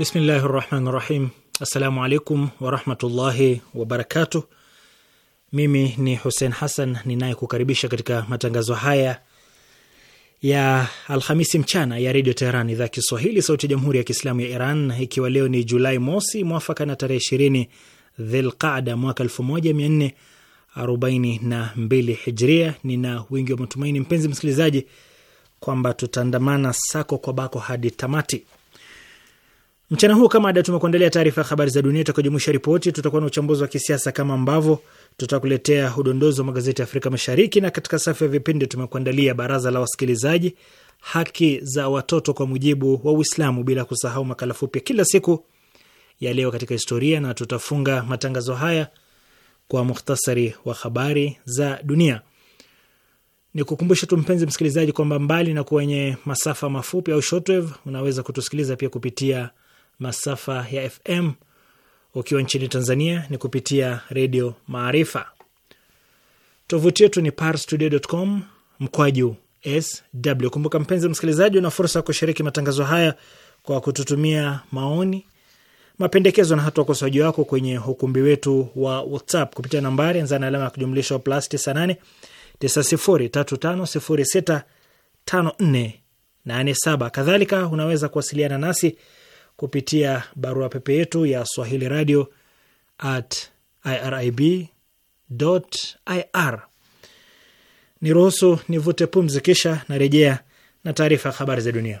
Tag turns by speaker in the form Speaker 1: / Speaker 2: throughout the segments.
Speaker 1: Bismillahi rahmani rahim. Assalamu alaikum warahmatullahi wabarakatuh. Mimi ni Hussein Hassan ninayekukaribisha katika matangazo haya ya Alhamisi mchana ya Redio Teheran, idhaa Kiswahili, sauti ya Jamhuri ya Kiislamu ya Iran, ikiwa leo ni Julai mosi mwafaka na tarehe ishirini Dhilqada mwaka 1442 Hijria. Nina wingi wa matumaini, mpenzi msikilizaji, kwamba tutaandamana sako kwa bako hadi tamati Mchana huu kama ada, tumekuandalia taarifa ya habari za dunia itakujumuisha ripoti, tutakuwa na uchambuzi wa kisiasa kama ambavyo tutakuletea udondozi wa magazeti ya Afrika Mashariki, na katika safu ya vipindi tumekuandalia baraza la wasikilizaji, haki za watoto kwa mujibu wa Uislamu, bila kusahau makala fupi kila siku ya leo katika historia, na tutafunga matangazo haya kwa muhtasari wa habari za dunia. Ni kukumbusha tu mpenzi msikilizaji kwamba mbali na kwenye masafa mafupi au shortwave, unaweza kutusikiliza pia kupitia masafa ya FM. Ukiwa nchini Tanzania ni kupitia Redio Maarifa. Tovuti yetu ni parstoday.com mkwaju sw. Kumbuka mpenzi msikilizaji, una fursa ya kushiriki matangazo haya kwa kututumia maoni, mapendekezo na hata ukosoaji wako kwenye ukumbi wetu wa WhatsApp kupitia nambari anza na alama ya kujumlisha plus 98 9035065487. Kadhalika unaweza kuwasiliana nasi kupitia barua pepe yetu ya Swahili radio at irib ir. Niruhusu nivute pumzi, kisha narejea na taarifa ya habari za dunia.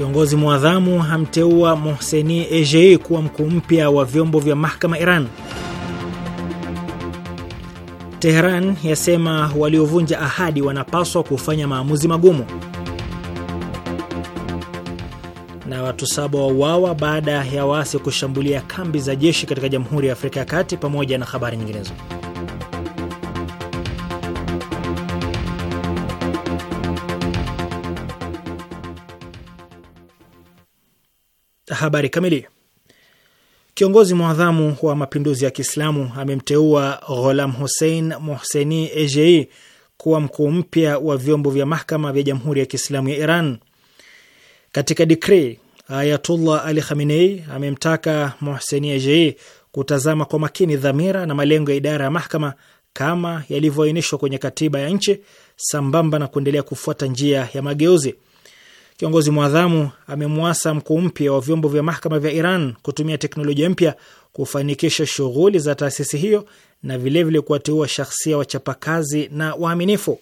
Speaker 1: Kiongozi mwadhamu hamteua Mohseni Ejei kuwa mkuu mpya wa vyombo vya mahakama Iran. Teheran yasema waliovunja ahadi wanapaswa kufanya maamuzi magumu. Na watu saba wauawa baada ya waasi kushambulia kambi za jeshi katika Jamhuri ya Afrika ya Kati, pamoja na habari nyinginezo. Habari kamili. Kiongozi mwadhamu wa mapinduzi ya Kiislamu amemteua Gholam Hussein Mohseni Ejei kuwa mkuu mpya wa vyombo vya mahakama vya Jamhuri ya Kiislamu ya Iran. Katika dikri Ayatullah Ali Khamenei amemtaka Mohseni Ejei kutazama kwa makini dhamira na malengo ya idara ya mahakama kama yalivyoainishwa kwenye katiba ya nchi, sambamba na kuendelea kufuata njia ya mageuzi. Kiongozi mwadhamu amemwasa mkuu mpya wa vyombo vya mahakama vya Iran kutumia teknolojia mpya kufanikisha shughuli za taasisi hiyo na vilevile kuwateua shahsia wachapakazi na waaminifu.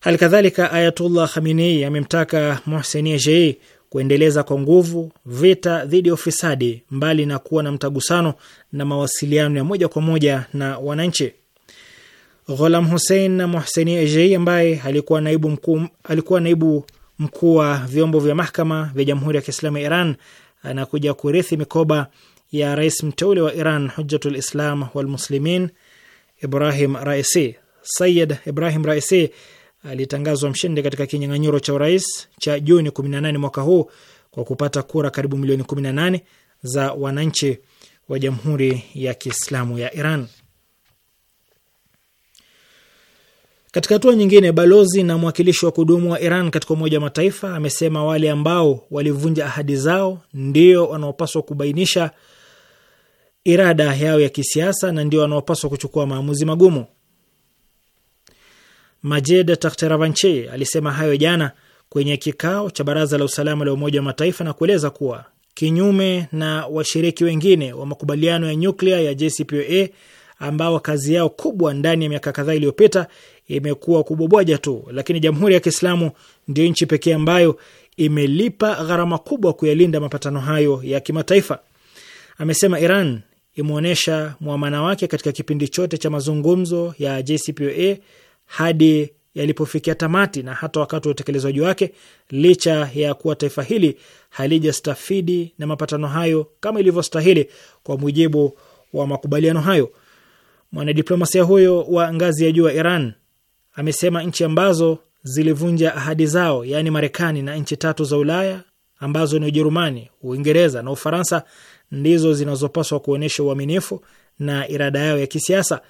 Speaker 1: Hali kadhalika, Ayatullah Khamenei amemtaka Mohseni Ejei kuendeleza kwa nguvu vita dhidi ya ufisadi, mbali na kuwa na mtagusano na mawasiliano ya moja kwa moja na wananchi. Ghulam Hussein na Mohseni Ejei ambaye alikuwa naibu mkuu alikuwa naibu mkuu wa vyombo vya mahakama vya Jamhuri ya Kiislamu ya Iran anakuja kurithi mikoba ya rais mteule wa Iran Hujjatul Islam Walmuslimin Ibrahim Raisi. Sayid Ibrahim Raisi alitangazwa mshindi katika kinyang'anyiro cha urais cha Juni 18 mwaka huu kwa kupata kura karibu milioni 18 za wananchi wa Jamhuri ya Kiislamu ya Iran. Katika hatua nyingine, balozi na mwakilishi wa kudumu wa Iran katika Umoja wa Mataifa amesema wale ambao walivunja ahadi zao ndio wanaopaswa kubainisha irada yao ya kisiasa na ndio wanaopaswa kuchukua maamuzi magumu. Majed Tahteravanchi alisema hayo jana kwenye kikao cha Baraza la Usalama la Umoja wa Mataifa na kueleza kuwa kinyume na washiriki wengine wa makubaliano ya nyuklia ya JCPOA ambao kazi yao kubwa ndani ya miaka kadhaa iliyopita imekuwa kubobwaja tu, lakini Jamhuri ya Kiislamu ndio nchi pekee ambayo imelipa gharama kubwa kuyalinda mapatano hayo ya kimataifa. Amesema Iran imeonyesha mwamana wake katika kipindi chote cha mazungumzo ya JCPOA hadi yalipofikia tamati na hata wakati wa utekelezaji wake, licha ya kuwa taifa hili halijastafidi na mapatano hayo kama ilivyostahili kwa mujibu wa makubaliano hayo. Mwanadiplomasia huyo wa ngazi ya juu wa Iran amesema nchi ambazo zilivunja ahadi zao, yaani Marekani na nchi tatu za Ulaya ambazo ni Ujerumani, Uingereza na Ufaransa, ndizo zinazopaswa kuonyesha uaminifu na irada yao ya kisiasa.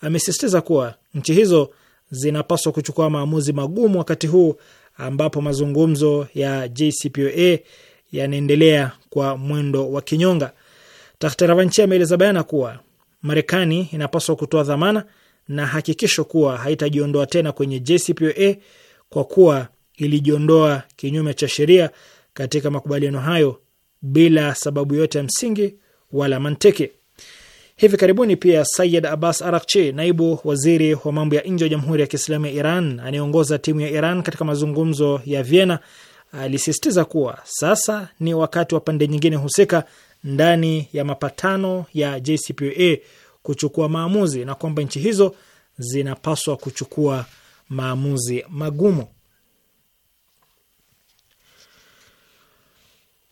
Speaker 1: Amesisitiza kuwa nchi hizo zinapaswa kuchukua maamuzi magumu wakati huu ambapo mazungumzo ya JCPOA yanaendelea kwa mwendo wa kinyonga. Takhtarevanchi ameeleza bayana kuwa Marekani inapaswa kutoa dhamana na hakikisho kuwa haitajiondoa tena kwenye JCPOA kwa kuwa ilijiondoa kinyume cha sheria katika makubaliano hayo bila sababu yote ya msingi wala mantiki. Hivi karibuni pia Sayid Abbas Arakchi, naibu waziri wa mambo ya nje wa Jamhuri ya Kiislamu ya Iran anayeongoza timu ya Iran katika mazungumzo ya Vienna, alisisitiza kuwa sasa ni wakati wa pande nyingine husika ndani ya mapatano ya JCPOA kuchukua maamuzi na kwamba nchi hizo zinapaswa kuchukua maamuzi magumu.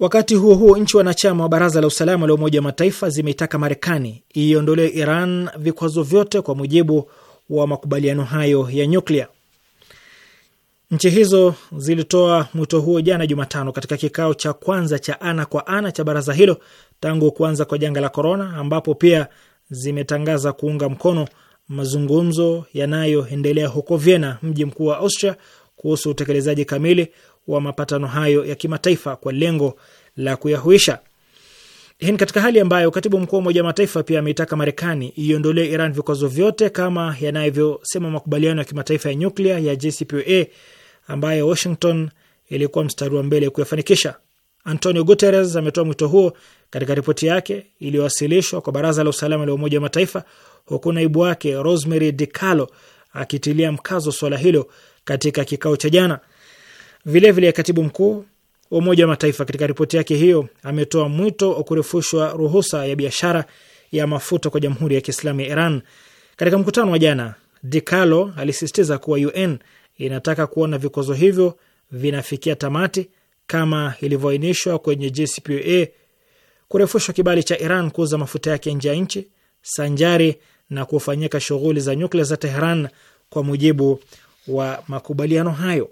Speaker 1: Wakati huo huo, nchi wanachama wa Baraza la Usalama la Umoja wa Mataifa zimeitaka Marekani iiondolee Iran vikwazo vyote kwa mujibu wa makubaliano hayo ya nyuklia. Nchi hizo zilitoa mwito huo jana Jumatano katika kikao cha kwanza cha ana kwa ana cha baraza hilo tangu kuanza kwa janga la korona, ambapo pia zimetangaza kuunga mkono mazungumzo yanayoendelea huko Vienna, mji mkuu wa Austria, kuhusu utekelezaji kamili wa mapatano hayo ya kimataifa kwa lengo la kuyahuisha. Hii ni katika hali ambayo katibu mkuu wa Umoja wa Mataifa pia ameitaka Marekani iondolee Iran vikwazo vyote kama yanavyosema makubaliano ya kimataifa ya nyuklia ya JCPOA ambaye Washington ilikuwa mstari wa mbele kuyafanikisha. Antonio Guterres ametoa mwito huo katika ripoti yake iliyowasilishwa kwa Baraza la Usalama la Umoja wa Mataifa, huku naibu wake Rosemary DiCarlo akitilia mkazo swala hilo katika kikao cha jana. Vilevile, katibu mkuu wa Umoja wa Mataifa katika ripoti yake hiyo ametoa mwito wa kurefushwa ruhusa ya biashara ya mafuta kwa Jamhuri ya Kiislamu ya Iran. Katika mkutano wa jana, DiCarlo alisisitiza kuwa UN inataka kuona vikwazo hivyo vinafikia tamati kama ilivyoainishwa kwenye JCPOA, kurefushwa kibali cha Iran kuuza mafuta yake nje ya nchi sanjari na kufanyika shughuli za nyuklia za Tehran kwa mujibu wa makubaliano hayo.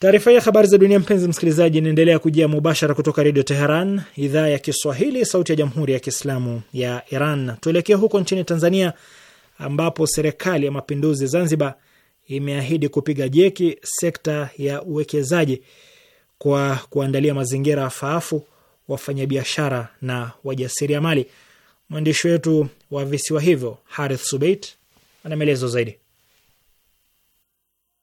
Speaker 1: Taarifa ya habari za dunia, mpenzi msikilizaji, inaendelea kujia mubashara kutoka Redio Teheran, idhaa ya Kiswahili, sauti ya Jamhuri ya Kiislamu ya Iran. Tuelekee huko nchini Tanzania, ambapo serikali ya mapinduzi Zanzibar imeahidi kupiga jeki sekta ya uwekezaji kwa kuandalia mazingira faafu wafanyabiashara na wajasiriamali. Mwandishi wetu wa visiwa hivyo Harith Subeit ana maelezo zaidi.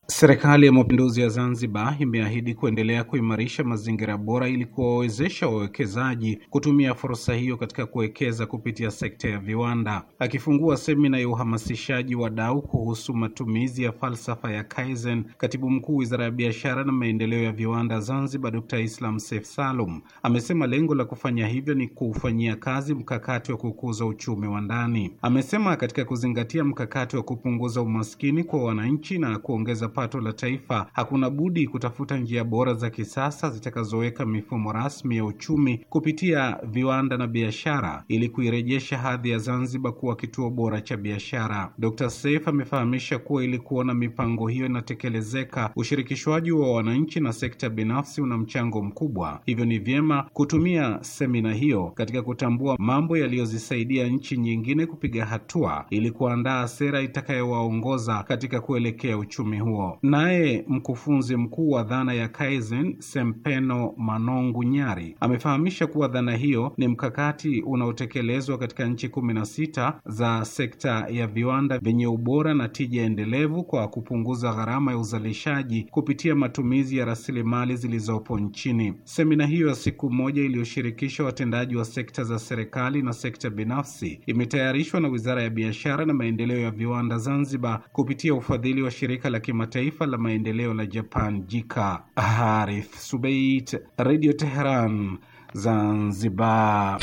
Speaker 2: Serikali ya Mapinduzi ya Zanzibar imeahidi kuendelea kuimarisha mazingira bora ili kuwawezesha wawekezaji kutumia fursa hiyo katika kuwekeza kupitia sekta ya viwanda. Akifungua semina ya uhamasishaji wadau kuhusu matumizi ya falsafa ya Kaizen, katibu mkuu Wizara ya Biashara na Maendeleo ya Viwanda Zanzibar, Dr. Islam saif Salum amesema lengo la kufanya hivyo ni kuufanyia kazi mkakati wa kukuza uchumi wa ndani. Amesema katika kuzingatia mkakati wa kupunguza umaskini kwa wananchi na kuongeza pato la taifa, hakuna budi kutafuta njia bora za kisasa zitakazoweka mifumo rasmi ya uchumi kupitia viwanda na biashara ili kuirejesha hadhi ya Zanzibar kuwa kituo bora cha biashara. Dr. Seif amefahamisha kuwa ili kuona mipango hiyo inatekelezeka, ushirikishwaji wa wananchi na sekta binafsi una mchango mkubwa, hivyo ni vyema kutumia semina hiyo katika kutambua mambo yaliyozisaidia nchi nyingine kupiga hatua ili kuandaa sera itakayowaongoza katika kuelekea uchumi huo huo. Naye mkufunzi mkuu wa dhana ya Kaizen Sempeno Manongu Nyari amefahamisha kuwa dhana hiyo ni mkakati unaotekelezwa katika nchi kumi na sita za sekta ya viwanda vyenye ubora na tija endelevu kwa kupunguza gharama ya uzalishaji kupitia matumizi ya rasilimali zilizopo nchini. Semina hiyo ya siku moja iliyoshirikisha watendaji wa sekta za serikali na sekta binafsi imetayarishwa na Wizara ya Biashara na Maendeleo ya Viwanda Zanzibar kupitia ufadhili wa shirika la kimataifa taifa la maendeleo la Japan, JICA. Harith Subeit, Radio Teheran, Zanzibar.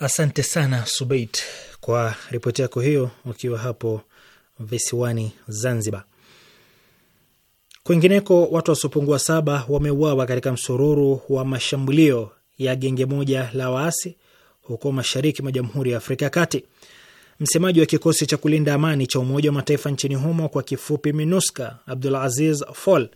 Speaker 1: Asante sana Subeit kwa ripoti yako hiyo, ukiwa hapo visiwani Zanzibar. Kwingineko, watu wasiopungua saba wameuawa katika msururu wa mashambulio ya genge moja la waasi huko mashariki mwa Jamhuri ya Afrika ya Kati. Msemaji wa kikosi cha kulinda amani cha Umoja wa Mataifa nchini humo kwa kifupi MINUSCA, Abdul Aziz Fall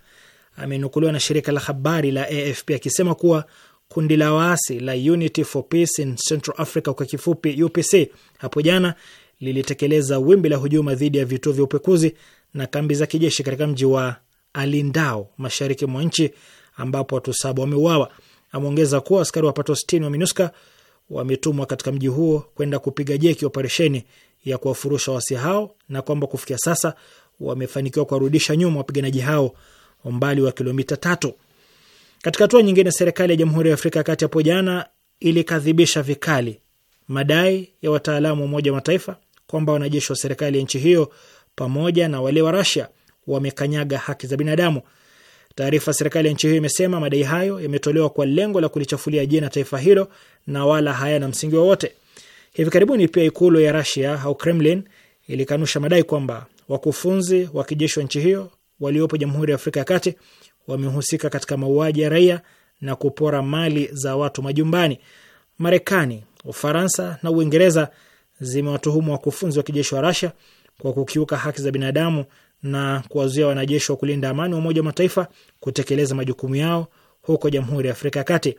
Speaker 1: amenukuliwa na shirika la habari la AFP akisema kuwa kundi la waasi la Unity for Peace in Central Africa kwa kifupi UPC hapo jana lilitekeleza wimbi la hujuma dhidi ya vituo vya upekuzi na kambi za kijeshi katika mji wa Alindao mashariki mwa nchi ambapo watu saba wameuawa. Ameongeza kuwa askari wapato sitini wa MINUSCA wametumwa katika mji huo kwenda kupiga jeki operesheni ya kuwafurusha wasi hao na kwamba kufikia sasa wamefanikiwa kuwarudisha nyuma wapiganaji hao umbali wa kilomita tatu. Katika hatua nyingine, serikali ya Jamhuri ya Afrika ya Kati hapo jana ilikadhibisha vikali madai ya wataalamu wa Umoja wa Mataifa kwamba wanajeshi wa serikali ya nchi hiyo pamoja na wale wa Rasia wamekanyaga haki za binadamu. Taarifa ya serikali ya nchi hiyo imesema madai hayo yametolewa kwa lengo la kulichafulia jina taifa hilo na wala hayana msingi wowote. Hivi karibuni pia ikulu ya Russia au Kremlin ilikanusha madai kwamba wakufunzi wa kijeshi wa nchi hiyo waliopo Jamhuri ya Afrika ya Kati wamehusika katika mauaji ya raia na kupora mali za watu majumbani. Marekani, Ufaransa na Uingereza zimewatuhumu wakufunzi wa kijeshi wa Russia kwa kukiuka haki za binadamu na kuwazuia wanajeshi wa kulinda amani wa Umoja wa Mataifa kutekeleza majukumu yao huko Jamhuri ya Afrika ya Kati.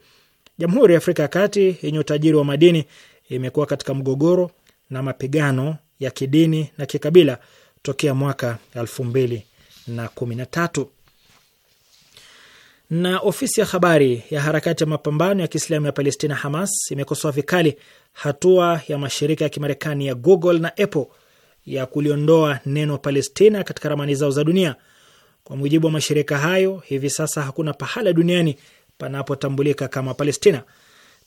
Speaker 1: Jamhuri ya Afrika ya Kati yenye utajiri wa madini imekuwa katika mgogoro na mapigano ya kidini na kikabila tokea mwaka elfu mbili na kumi na tatu. Na ofisi ya habari ya harakati ya mapambano ya Kiislamu ya Palestina Hamas imekosoa vikali hatua ya mashirika ya Kimarekani ya Google na Apple ya kuliondoa neno Palestina katika ramani zao za dunia. Kwa mujibu wa mashirika hayo, hivi sasa hakuna pahala duniani panapotambulika kama Palestina.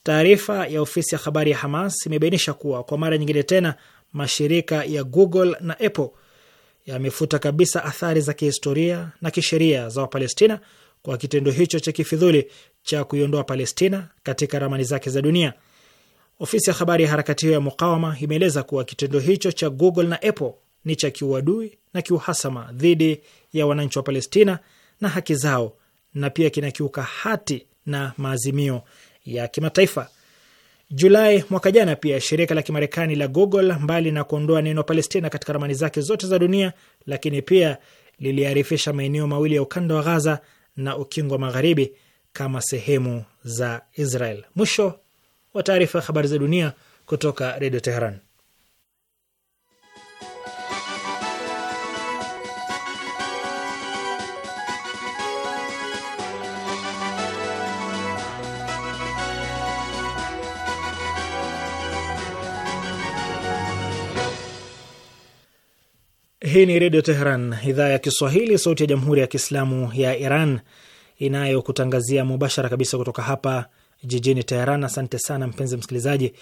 Speaker 1: Taarifa ya ofisi ya habari ya Hamas imebainisha kuwa kwa mara nyingine tena mashirika ya Google na Apple yamefuta kabisa athari za kihistoria na kisheria za Wapalestina kwa kitendo hicho cha kifidhuli cha kuiondoa Palestina katika ramani zake za dunia. Ofisi ya habari ya harakati hiyo ya mukawama imeeleza kuwa kitendo hicho cha Google na Apple ni cha kiuadui na kiuhasama dhidi ya wananchi wa Palestina na haki zao, na pia kinakiuka hati na maazimio ya kimataifa. Julai mwaka jana, pia shirika la kimarekani la Google, mbali na kuondoa neno Palestina katika ramani zake zote za dunia, lakini pia liliarifisha maeneo mawili ya ukanda wa Ghaza na ukingo wa magharibi kama sehemu za Israel. Mwisho wa taarifa ya habari za dunia kutoka Redio Teheran. Hii ni Redio Teheran, idhaa ya Kiswahili, sauti ya Jamhuri ya Kiislamu ya Iran inayokutangazia mubashara kabisa kutoka hapa jijini Teheran. Asante sana mpenzi msikilizaji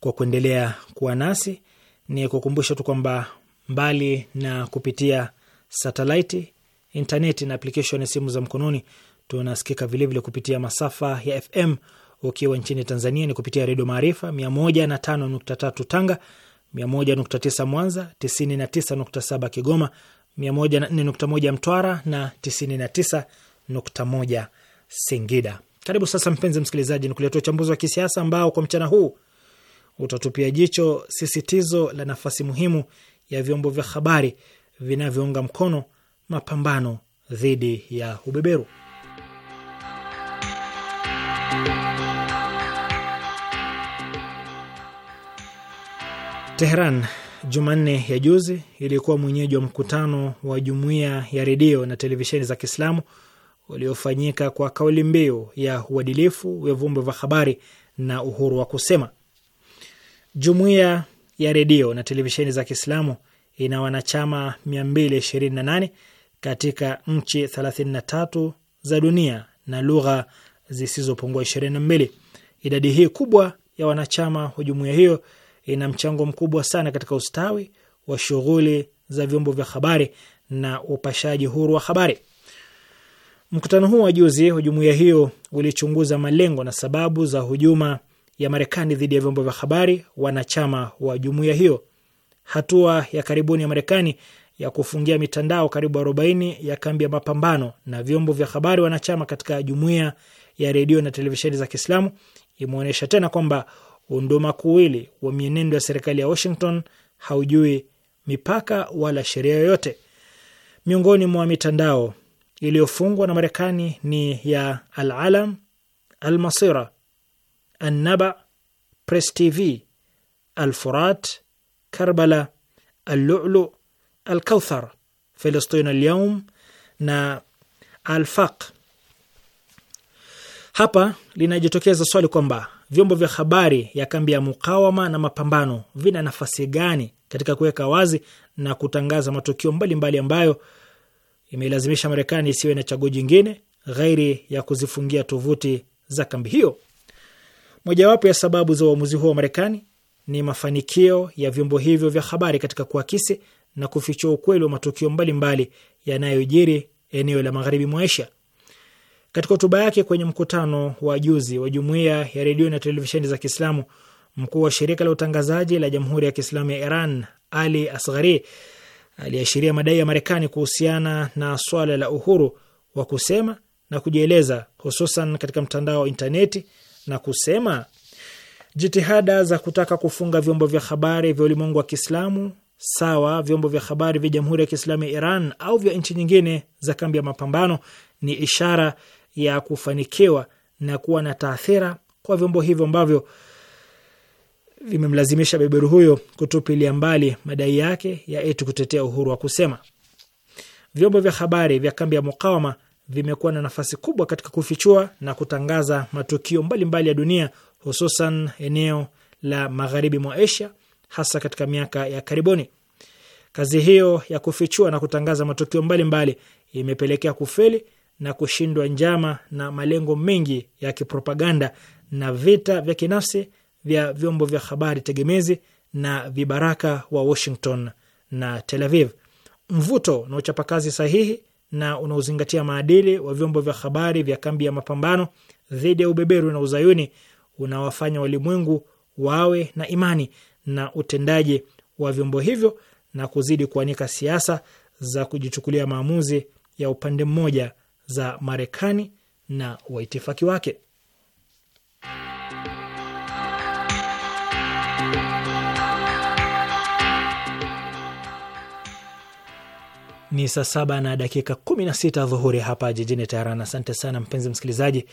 Speaker 1: kwa kuendelea kuwa nasi. Ni kukumbusha tu kwamba mbali na kupitia satelaiti, intaneti na aplikeshon ya simu za mkononi, tunasikika vilevile kupitia masafa ya FM. Ukiwa nchini Tanzania ni kupitia Redio Maarifa 105.3 Tanga, 101.9 Mwanza, 99.7 Kigoma, 104.1 Mtwara na 99.1 Singida. Karibu sasa, mpenzi msikilizaji, ni kuletea uchambuzi wa kisiasa ambao kwa mchana huu utatupia jicho sisitizo la nafasi muhimu ya vyombo vya habari vinavyounga mkono mapambano dhidi ya ubeberu. teheran Jumanne ya juzi ilikuwa mwenyeji wa mkutano wa jumuiya ya redio na televisheni za Kiislamu uliofanyika kwa kauli mbiu ya uadilifu wa vyombo vya habari na uhuru wa kusema. Jumuiya ya redio na televisheni za Kiislamu ina wanachama 228 katika nchi 33 za dunia na lugha zisizopungua 22. Idadi hii kubwa ya wanachama wa jumuiya hiyo ina mchango mkubwa sana katika ustawi wa shughuli za vyombo vya habari na upashaji huru wa habari. Mkutano huu wa juzi wa jumuiya hiyo ulichunguza malengo na sababu za hujuma ya Marekani dhidi ya vyombo vya habari wanachama wa jumuiya hiyo. Hatua ya karibuni ya Marekani ya kufungia mitandao karibu 40 ya kambi ya mapambano na vyombo vya habari wanachama katika jumuiya ya redio na televisheni za Kiislamu imeonyesha tena kwamba unduma kuwili wa mienendo ya serikali ya Washington haujui mipaka wala sheria yoyote. Miongoni mwa mitandao iliyofungwa na Marekani ni ya Alalam, Almasira, Annaba, Press TV, Alfurat, Karbala, Allulu, Alkauthar, Filistin Alyaum na Alfaq. Hapa linajitokeza swali kwamba vyombo vya habari ya kambi ya mukawama na mapambano vina nafasi gani katika kuweka wazi na kutangaza matukio mbalimbali mbali ambayo imeilazimisha Marekani isiwe na chaguo jingine ghairi ya kuzifungia tovuti za kambi hiyo. Mojawapo ya sababu za uamuzi huo wa Marekani ni mafanikio ya vyombo hivyo vya habari katika kuakisi na kufichua ukweli wa matukio mbalimbali yanayojiri eneo la magharibi mwa Asia. Katika hotuba yake kwenye mkutano wa juzi wa jumuiya ya redio na televisheni za Kiislamu, mkuu wa shirika la utangazaji la jamhuri ya Kiislamu ya Iran Ali Asghari aliashiria madai ya Marekani kuhusiana na swala la uhuru wa kusema na kujieleza, hususan katika mtandao wa intaneti na kusema jitihada za kutaka kufunga vyombo vya habari vya ulimwengu wa Kiislamu sawa vyombo vya habari vya Jamhuri ya Kiislamu ya Iran au vya nchi nyingine za kambi ya mapambano ni ishara ya kufanikiwa na kuwa na taathira kwa vyombo hivyo ambavyo vimemlazimisha beberu huyo kutupilia mbali madai yake ya eti kutetea uhuru wa kusema. Vyombo vya habari vya kambi ya mukawama vimekuwa na nafasi kubwa katika kufichua na kutangaza matukio mbalimbali mbali ya dunia, hususan eneo la magharibi mwa Asia, hasa katika miaka ya karibuni. Kazi hiyo ya kufichua na kutangaza matukio mbalimbali imepelekea kufeli na kushindwa njama na malengo mengi ya kipropaganda na vita vya kinafsi vya vyombo vya habari tegemezi na vibaraka wa Washington na Tel Aviv. Mvuto na uchapakazi sahihi na unaozingatia maadili wa vyombo vya habari vya kambi ya mapambano dhidi ya ubeberu na uzayuni unawafanya walimwengu wawe na imani na utendaji wa vyombo hivyo na kuzidi kuanika siasa za kujichukulia maamuzi ya upande mmoja za Marekani na waitifaki wake. ni saa saba na dakika kumi na sita dhuhuri hapa jijini Teheran. Asante sana mpenzi msikilizaji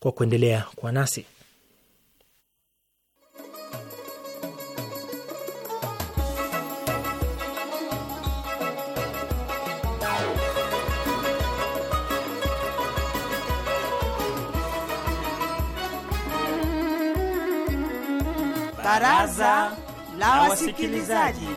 Speaker 1: kwa kuendelea kwa nasi. Baraza la Wasikilizaji.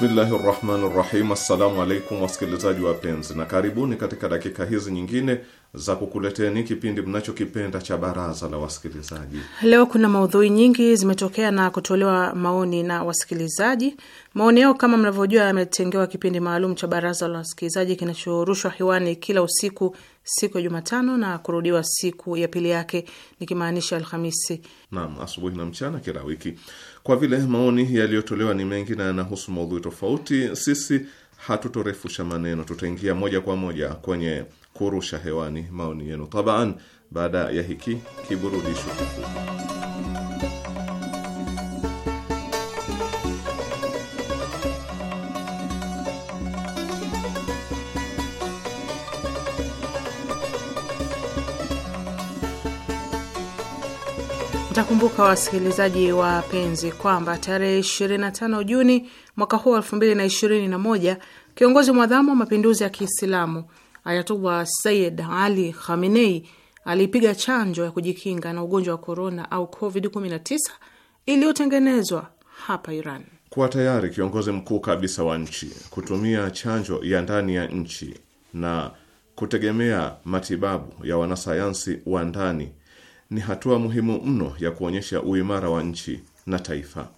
Speaker 3: Bismillahi rahmani rahim. Assalamu alaikum wasikilizaji wapenzi, na karibuni katika dakika hizi nyingine za kukuleteni kipindi mnachokipenda cha baraza la wasikilizaji.
Speaker 4: Leo kuna maudhui nyingi zimetokea na kutolewa maoni na wasikilizaji. Maoni yao kama mnavyojua, yametengewa kipindi maalum cha baraza la wasikilizaji kinachorushwa hewani kila usiku siku ya Jumatano na kurudiwa siku ya pili yake, nikimaanisha Alhamisi
Speaker 3: naam asubuhi na mchana kila wiki. Kwa vile maoni yaliyotolewa ni mengi na yanahusu maudhui tofauti, sisi hatutorefusha maneno, tutaingia moja kwa moja kwenye kurusha hewani maoni yenu tabaan, baada ya hiki kiburudisho kifupi.
Speaker 4: Mtakumbuka wasikilizaji wapenzi kwamba tarehe 25 Juni mwaka huu 2021 kiongozi mwadhamu wa mapinduzi ya Kiislamu Ayatullah Sayyid Ali Khamenei alipiga chanjo ya kujikinga na ugonjwa wa korona au COVID-19 iliyotengenezwa hapa Iran.
Speaker 3: Kuwa tayari kiongozi mkuu kabisa wa nchi kutumia chanjo ya ndani ya nchi na kutegemea matibabu ya wanasayansi wa ndani ni hatua muhimu mno ya kuonyesha uimara wa nchi na taifa.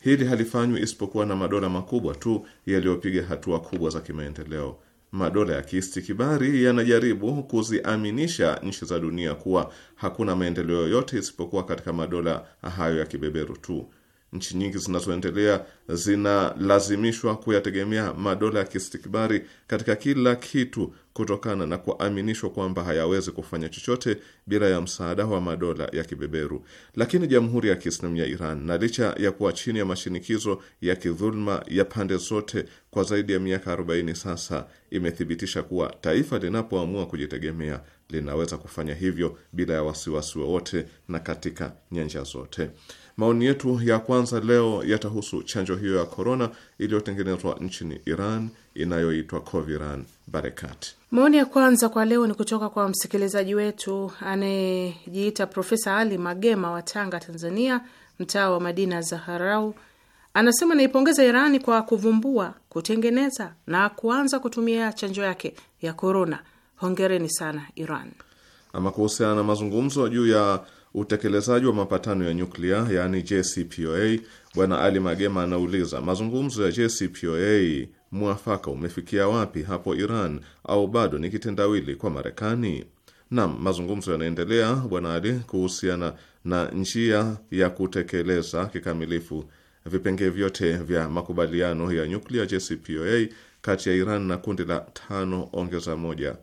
Speaker 3: Hili halifanywi isipokuwa na madola makubwa tu yaliyopiga hatua kubwa za kimaendeleo. Madola ya kiistikibari yanajaribu kuziaminisha nchi za dunia kuwa hakuna maendeleo yoyote isipokuwa katika madola hayo ya kibeberu tu. Nchi nyingi zinazoendelea zinalazimishwa kuyategemea madola ya kistikbari katika kila kitu kutokana na kuaminishwa kwamba hayawezi kufanya chochote bila ya msaada wa madola ya kibeberu. Lakini Jamhuri ya Kiislamu ya Iran, na licha ya kuwa chini ya mashinikizo ya kidhuluma ya pande zote kwa zaidi ya miaka 40 sasa, imethibitisha kuwa taifa linapoamua kujitegemea linaweza kufanya hivyo bila ya wasiwasi wowote na katika nyanja zote. Maoni yetu ya kwanza leo yatahusu chanjo hiyo ya korona iliyotengenezwa nchini Iran inayoitwa Coviran Barekat.
Speaker 4: Maoni ya kwanza kwa leo ni kutoka kwa msikilizaji wetu anayejiita Profesa Ali Magema wa Tanga, Tanzania, mtaa wa Madina Zaharau. Anasema naipongeza Irani kwa kuvumbua, kutengeneza na kuanza kutumia chanjo yake ya korona. Hongereni sana Iran.
Speaker 3: Ama kuhusiana na mazungumzo juu ya utekelezaji wa mapatano ya nyuklia yaani JCPOA, Bwana Ali Magema anauliza mazungumzo ya JCPOA mwafaka umefikia wapi hapo Iran, au bado ni kitendawili kwa Marekani? Nam, mazungumzo yanaendelea Bwana Ali kuhusiana na njia ya kutekeleza kikamilifu vipenge vyote vya makubaliano ya nyuklia JCPOA kati ya Iran na kundi la tano ongeza moja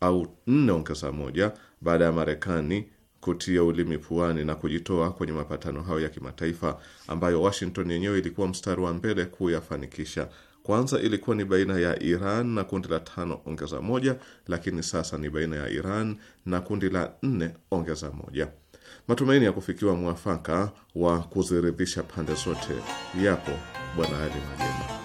Speaker 3: au nne ongeza moja baada ya Marekani kutia ulimi puani na kujitoa kwenye mapatano hayo ya kimataifa ambayo Washington yenyewe ilikuwa mstari wa mbele kuyafanikisha. Kwanza ilikuwa ni baina ya Iran na kundi la tano ongeza moja, lakini sasa ni baina ya Iran na kundi la nne ongeza moja. Matumaini ya kufikiwa mwafaka wa kuziridhisha pande zote yapo, Bwana Ali Majema.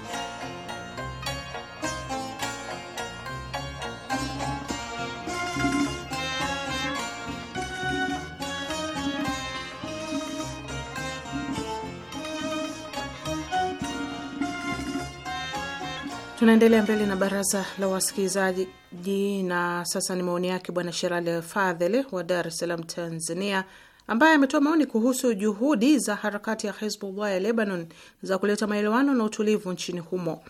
Speaker 4: Tunaendelea mbele na baraza la wasikilizaji na sasa ni maoni yake Bwana Sherali Fadhele wa Dar es Salaam, Tanzania, ambaye ametoa maoni kuhusu juhudi za harakati ya Hezbullah ya Lebanon za kuleta maelewano na utulivu nchini humo.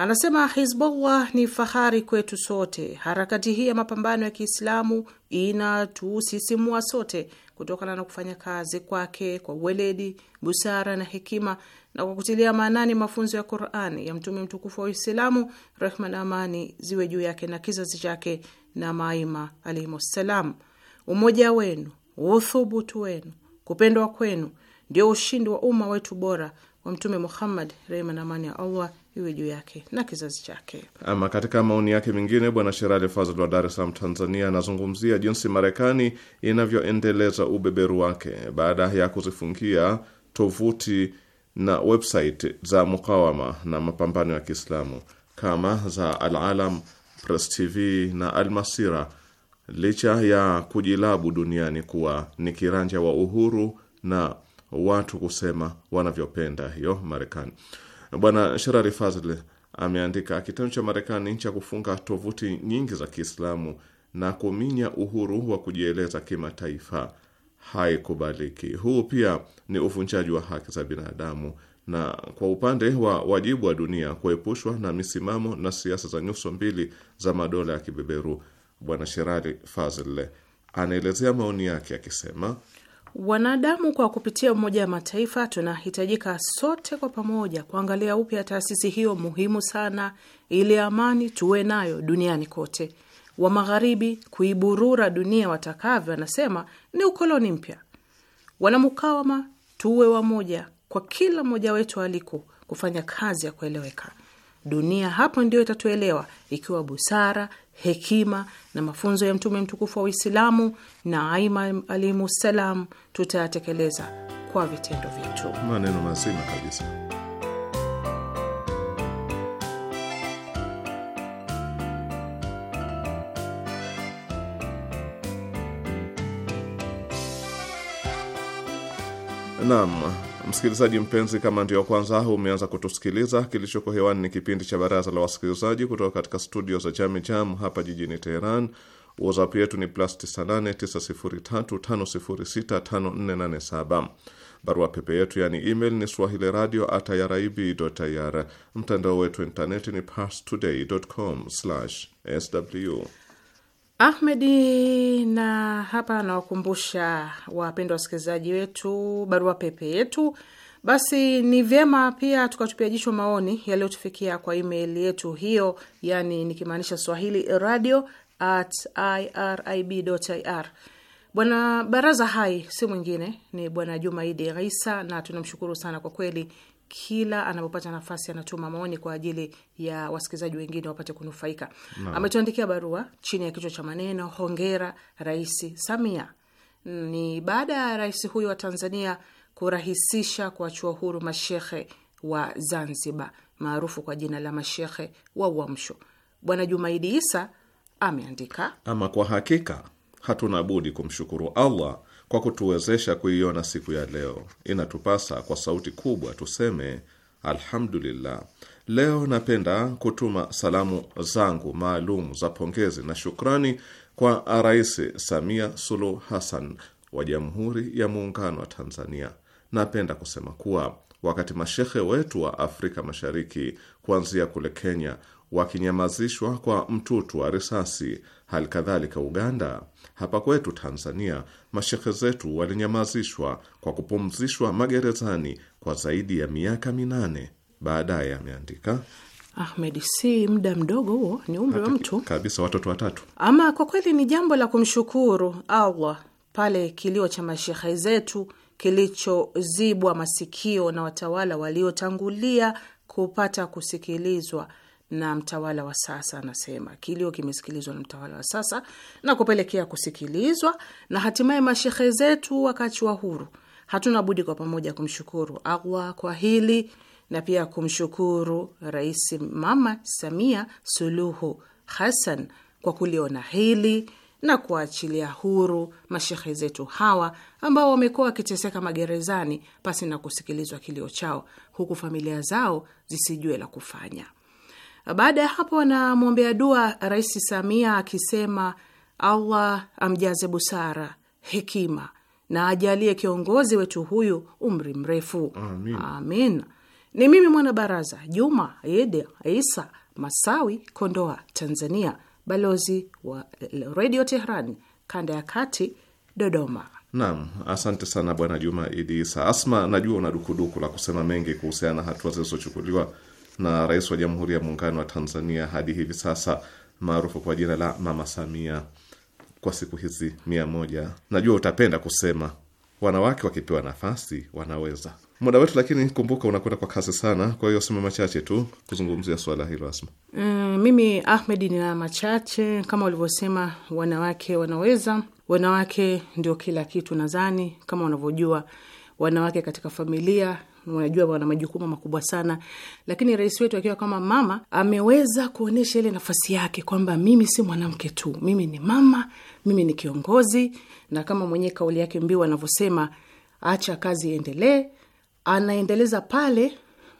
Speaker 4: Anasema Hizbullah ni fahari kwetu sote. Harakati hii ya mapambano ya Kiislamu inatusisimua sote kutokana na kufanya kazi kwake kwa uweledi, busara na hekima, na kwa kutilia maanani mafunzo ya Qurani ya Mtume mtukufu wa Uislamu, rehma na amani ziwe juu yake na kizazi chake na maima alaihimussalam. Umoja wenu, uthubutu wenu, kupendwa kwenu ndio ushindi wa umma wetu bora wa Mtume Muhammad, rehma na amani ya Allah iwe juu yake na kizazi chake.
Speaker 3: Ama katika maoni yake mengine, Bwana Sherali Fazl wa Dar es Salaam, Tanzania, anazungumzia jinsi Marekani inavyoendeleza ubeberu wake baada ya kuzifungia tovuti na website za mukawama na mapambano ya Kiislamu kama za Alalam, Press TV na Almasira licha ya kujilabu duniani kuwa ni kiranja wa uhuru na watu kusema wanavyopenda. Hiyo Marekani. Bwana Sherari Fazl ameandika, kitendo cha Marekani cha kufunga tovuti nyingi za Kiislamu na kuminya uhuru wa kujieleza kimataifa haikubaliki. Huu pia ni uvunjaji wa haki za binadamu, na kwa upande wa wajibu wa dunia kuepushwa na misimamo na siasa za nyuso mbili za madola ya kibeberu. Bwana Sherari Fazl anaelezea maoni yake akisema ya
Speaker 4: Wanadamu kwa kupitia Umoja wa Mataifa tunahitajika sote kwa pamoja kuangalia upya taasisi hiyo muhimu sana, ili amani tuwe nayo duniani kote. Wa Magharibi kuiburura dunia watakavyo, anasema ni ukoloni mpya. Wanamukawama, tuwe wamoja kwa kila mmoja wetu aliko kufanya kazi ya kueleweka. Dunia hapo ndio itatuelewa, ikiwa busara, hekima na mafunzo ya mtume mtukufu wa Uislamu na aima alimu tutayatekeleza kwa vitendo vyetu.
Speaker 3: Maneno mazima kabisa. Naam. Msikilizaji mpenzi, kama ndiyo kwanza umeanza kutusikiliza, kilichoko hewani ni kipindi cha Baraza la Wasikilizaji kutoka katika studio za Jami Jam hapa jijini Teheran. WhatsApp yetu ni plus 989035065487. Barua pepe yetu yani email ni swahili radio at irib.ir. Mtandao wetu wa intaneti ni parstoday.com/sw
Speaker 4: Ahmedi. Na hapa nawakumbusha wapendwa wasikilizaji wetu barua pepe yetu. Basi ni vyema pia tukatupia jicho maoni yaliyotufikia kwa email yetu hiyo, yani nikimaanisha swahili radio at irib ir. Bwana baraza hai si mwingine ni Bwana Jumaidi Isa, na tunamshukuru sana kwa kweli kila anapopata nafasi anatuma maoni kwa ajili ya wasikilizaji wengine wapate kunufaika. No. Ametuandikia barua chini ya kichwa cha maneno hongera Rais Samia. Ni baada ya rais huyo wa Tanzania kurahisisha kuachua huru mashehe wa Zanzibar maarufu kwa jina la mashehe wa Uamsho. Bwana Jumaidi Isa ameandika,
Speaker 3: ama kwa hakika hatuna budi kumshukuru Allah kwa kutuwezesha kuiona siku ya leo. Inatupasa kwa sauti kubwa tuseme alhamdulillah. Leo napenda kutuma salamu zangu maalum za pongezi na shukrani kwa Rais Samia Suluhu Hassan wa Jamhuri ya Muungano wa Tanzania. Napenda kusema kuwa wakati mashehe wetu wa Afrika Mashariki kuanzia kule Kenya wakinyamazishwa kwa mtutu wa risasi Hali kadhalika Uganda, hapa kwetu Tanzania, mashehe zetu walinyamazishwa kwa kupumzishwa magerezani kwa zaidi ya miaka minane. Baadaye ameandika
Speaker 4: Ahmed, si muda mdogo huo, ni umri wa mtu
Speaker 3: kabisa, watoto watatu.
Speaker 4: Ama kwa kweli ni jambo la kumshukuru Allah pale kilio cha mashehe zetu kilichozibwa masikio na watawala waliotangulia kupata kusikilizwa na mtawala wa sasa. Anasema kilio kimesikilizwa na mtawala wa sasa na kupelekea kusikilizwa na hatimaye mashehe zetu wakachiwa huru. Hatuna budi kwa pamoja kumshukuru Allah kwa hili na pia kumshukuru Rais Mama Samia Suluhu Hassan kwa kuliona hili na kuachilia huru mashehe zetu hawa ambao wamekuwa wakiteseka magerezani pasi na kusikilizwa kilio chao, huku familia zao zisijue la kufanya. Baada ya hapo, anamwombea dua Rais Samia akisema Allah amjaze busara, hekima na ajalie kiongozi wetu huyu umri mrefu amin. Amin. Ni mimi mwana baraza Juma Ede Isa Masawi, Kondoa, Tanzania, balozi wa eh, Redio Tehran kanda ya kati, Dodoma.
Speaker 3: Naam, asante sana Bwana Juma Idi Isa Asma. Najua una dukuduku la kusema mengi kuhusiana na hatua zilizochukuliwa na rais wa Jamhuri ya Muungano wa Tanzania hadi hivi sasa maarufu kwa jina la Mama Samia, kwa siku hizi mia moja, najua utapenda kusema wanawake wakipewa nafasi wanaweza. Muda wetu lakini kumbuka, unakwenda kwa kasi sana, kwa hiyo sema machache tu kuzungumzia swala hilo Asma.
Speaker 4: Mm, mimi Ahmed, nina machache kama ulivyosema, wanawake wanaweza. Wanawake ndio kila kitu, nadhani kama unavyojua wanawake katika familia unajua wana majukumu makubwa sana, lakini rais wetu akiwa kama mama ameweza kuonyesha ile nafasi yake kwamba mimi si mwanamke tu, mimi ni mama, mimi ni kiongozi. Na kama mwenyewe kauli yake mbiu anavyosema, acha kazi iendelee, anaendeleza pale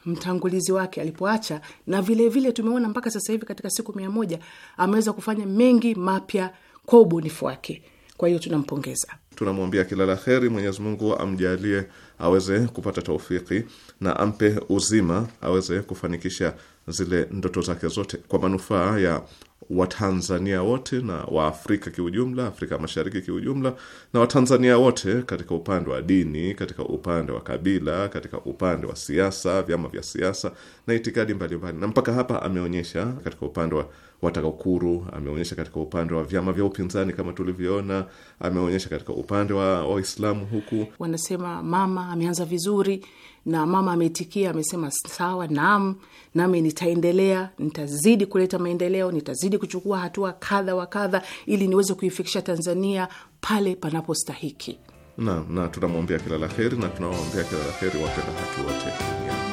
Speaker 4: mtangulizi wake alipoacha, na vilevile vile tumeona mpaka sasa hivi katika siku mia moja ameweza kufanya mengi mapya kwa ubunifu wake. Kwa hiyo tunampongeza,
Speaker 3: tunamwambia kila la heri, Mwenyezi Mungu amjalie aweze kupata taufiki na ampe uzima aweze kufanikisha zile ndoto zake zote kwa manufaa ya Watanzania wote na Waafrika kiujumla, Afrika Mashariki kiujumla, na Watanzania wote katika upande wa dini, katika upande wa kabila, katika upande wa siasa, vyama vya siasa na itikadi mbalimbali. Na mpaka hapa ameonyesha katika upande wa watakaokuru, ameonyesha katika upande wa vyama vya upinzani kama tulivyoona, ameonyesha katika upande wa Waislamu, huku
Speaker 4: wanasema mama ameanza vizuri na mama ameitikia, amesema sawa, naam, nami nitaendelea, nitazidi kuleta maendeleo, nitazidi kuchukua hatua kadha wa kadha ili niweze kuifikisha Tanzania pale panapostahiki.
Speaker 3: Na, na tunamwombea kila la heri na tunawaombea kila la heri wapenda haki wote duniani.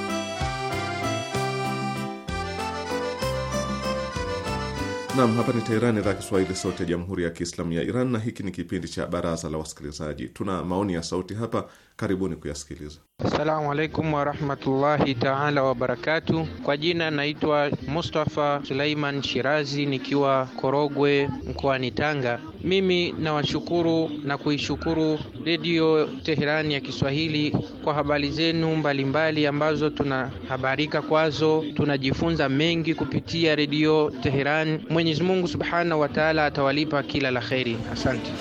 Speaker 3: Nam, hapa ni Teherani, idhaa Kiswahili, sauti ya jamhuri ya kiislamu ya Iran, na hiki ni kipindi cha baraza la wasikilizaji. Tuna maoni ya sauti hapa Karibuni kuyasikiliza.
Speaker 5: Assalamu alaikum warahmatullahi taala wabarakatu. Kwa jina naitwa Mustafa Suleiman Shirazi, nikiwa Korogwe mkoani Tanga. Mimi nawashukuru na kuishukuru Redio Teherani ya Kiswahili kwa habari zenu mbalimbali ambazo tunahabarika kwazo, tunajifunza mengi kupitia Redio Teherani. Mwenyezi Mungu subhanahu wa taala atawalipa kila la kheri. Asante.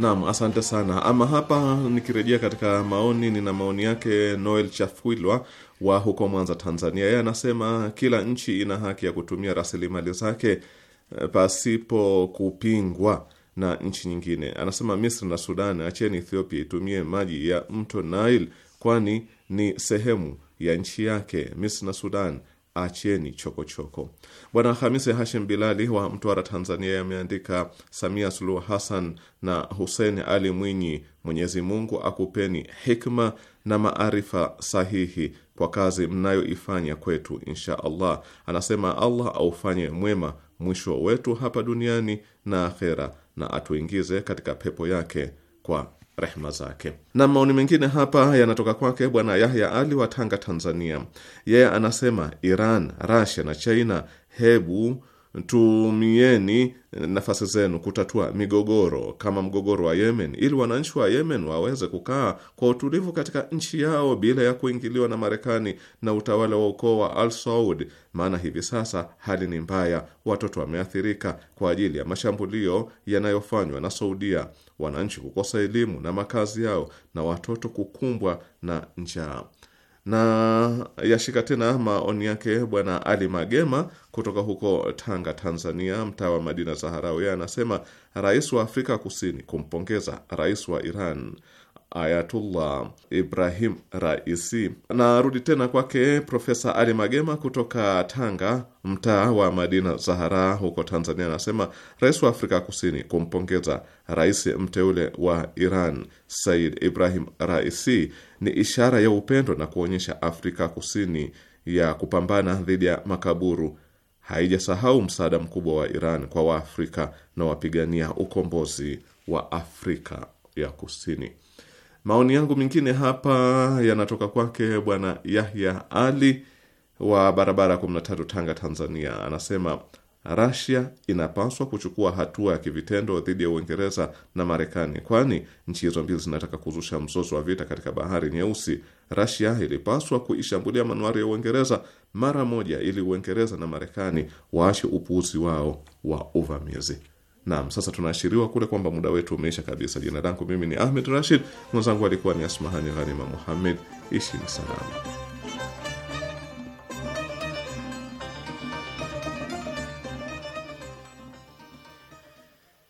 Speaker 3: Naam, asante sana. Ama hapa nikirejea katika maoni, nina maoni yake Noel Chafwilwa wa huko Mwanza, Tanzania. Yeye anasema kila nchi ina haki ya kutumia rasilimali zake eh, pasipo kupingwa na nchi nyingine. Anasema Misri na Sudan, acheni Ethiopia itumie maji ya mto Nile, kwani ni sehemu ya nchi yake. Misri na Sudan Acheni chokochoko. Bwana Hamisi Hashim Bilali wa Mtwara, Tanzania, ameandika Samia Suluhu Hassan na Hussein Ali Mwinyi, Mwenyezi Mungu akupeni hikma na maarifa sahihi kwa kazi mnayoifanya kwetu, insha Allah. Anasema Allah aufanye mwema mwisho wetu hapa duniani na akhera, na atuingize katika pepo yake kwa rehma zake. Na maoni mengine hapa yanatoka kwake Bwana Yahya Ali wa Tanga, Tanzania. Yeye anasema Iran, Russia na China, hebu Tumieni nafasi zenu kutatua migogoro kama mgogoro wa Yemen, ili wananchi wa Yemen waweze kukaa kwa utulivu katika nchi yao bila ya kuingiliwa na Marekani na utawala wa ukoo wa Al Saud, maana hivi sasa hali ni mbaya. Watoto wameathirika kwa ajili ya mashambulio yanayofanywa na Saudia, wananchi kukosa elimu na makazi yao, na watoto kukumbwa na njaa na yashika tena maoni yake Bwana Ali Magema kutoka huko Tanga, Tanzania, mtaa wa Madina Zaharau. Yeye anasema rais wa Afrika Kusini kumpongeza rais wa Iran Ayatullah Ibrahim Raisi. Narudi tena kwake Profesa Ali Magema kutoka Tanga, mtaa wa Madina Zahara huko Tanzania, anasema rais wa Afrika Kusini kumpongeza rais mteule wa Iran Said Ibrahim Raisi ni ishara ya upendo na kuonyesha Afrika Kusini ya kupambana dhidi ya makaburu haijasahau msaada mkubwa wa Iran kwa Waafrika na wapigania ukombozi wa Afrika ya Kusini. Maoni yangu mengine hapa yanatoka kwake bwana Yahya Ali wa barabara 13 Tanga, Tanzania. Anasema Rasia inapaswa kuchukua hatua ya kivitendo dhidi ya Uingereza na Marekani, kwani nchi hizo mbili zinataka kuzusha mzozo wa vita katika bahari Nyeusi. Rasia ilipaswa kuishambulia manuari ya Uingereza mara moja, ili Uingereza na Marekani waache upuuzi wao wa uvamizi. Naam, sasa tunaashiriwa kule kwamba muda wetu umeisha kabisa. Jina langu mimi ni Ahmed Rashid, mwenzangu alikuwa ni Asmahani Ghanima Muhammed. ni salama.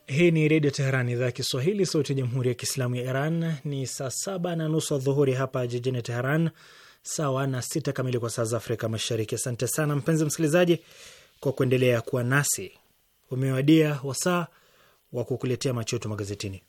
Speaker 1: Hii ni Redio Teheran, idhaa ya Kiswahili, sauti ya Jamhuri ya Kiislamu ya Iran. Ni saa saba na nusu adhuhuri hapa jijini Teheran, sawa na sita kamili kwa saa za Afrika Mashariki. Asante sana mpenzi msikilizaji kwa kuendelea kuwa nasi umewadia wasaa wa kukuletea macho yetu magazetini.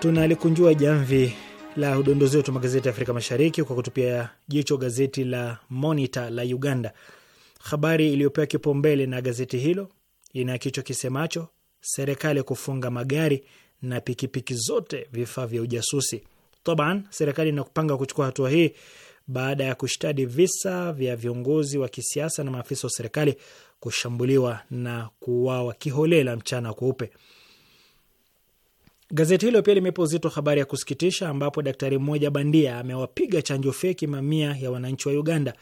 Speaker 1: Tunalikunjua jamvi la udondozi wetu magazeti ya Afrika Mashariki kwa kutupia jicho gazeti la Monitor la Uganda. Habari iliyopewa kipaumbele na gazeti hilo ina kichwa kisemacho serikali kufunga magari na pikipiki zote vifaa vya ujasusi. Taban, serikali inapanga kuchukua hatua hii baada ya kushtadi visa vya viongozi wa kisiasa na maafisa wa serikali kushambuliwa na kuuawa kiholela mchana kweupe. Gazeti hilo pia limepa uzito habari ya kusikitisha ambapo daktari mmoja bandia amewapiga chanjo feki mamia ya wananchi wa Uganda.